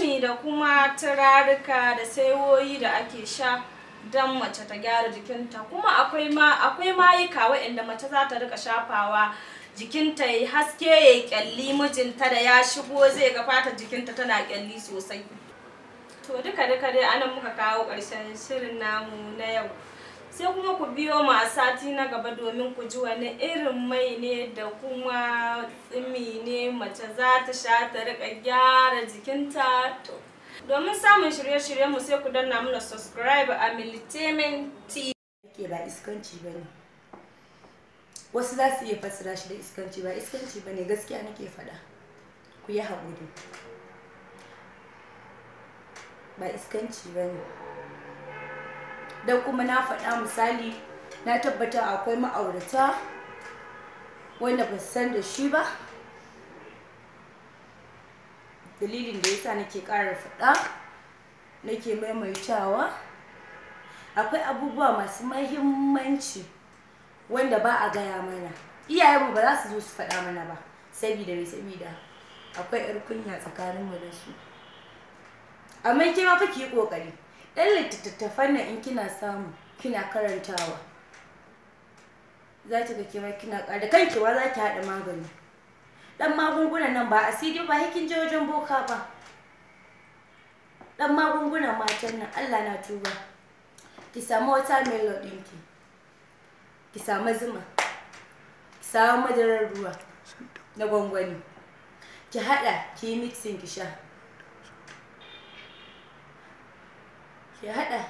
gami da kuma turaruka da saiwoyi da ake sha don mace ta gyara jikinta kuma akwai ma akwai mayuka waɗanda mace za ta rika shafawa jikinta ya haske ya kyalli mijinta da ya shigo zai ga fatar jikinta tana kyalli sosai to duka duka dai anan muka kawo ƙarshen shirin namu na yau sai kuma ku biyo mu a sati na gaba domin ku ji wani irin mai ne da kuma tsimi ne mace za ta sha ta rika gyara jikinta to domin samun shirye-shirye mu sai ku danna mana subscribe a militamin tv ke ba iskanci ba ne wasu za su iya fassara shi da iskanci ba iskanci ba ne gaskiya nake faɗa ku yi haƙuri ba iskanci ba ne don kuma na faɗa misali na tabbata akwai ma'aurata wanda ba san da shi ba dalilin da yasa nake ƙara faɗa nake maimaitawa akwai abubuwa masu mahimmanci wanda ba a gaya mana iyayenmu ba za su zo su faɗa mana ba sabida mai da akwai 'yar kunya tsakaninmu da su amma ke ma fa ki yi ƙoƙari ɗan littattafan nan in kina samu kina karantawa za ki ga kima kina ƙara kan kewa za ki haɗa magani ɗan magungunan nan ba asiri ba hikin je wajen boka ba ɗan magungunan matan nan allah na tuba ki samu wata melo ɗinki ki samu zuma ki samu madarar ruwa na gwangwani ki haɗa ki yi mixin ki sha ki haɗa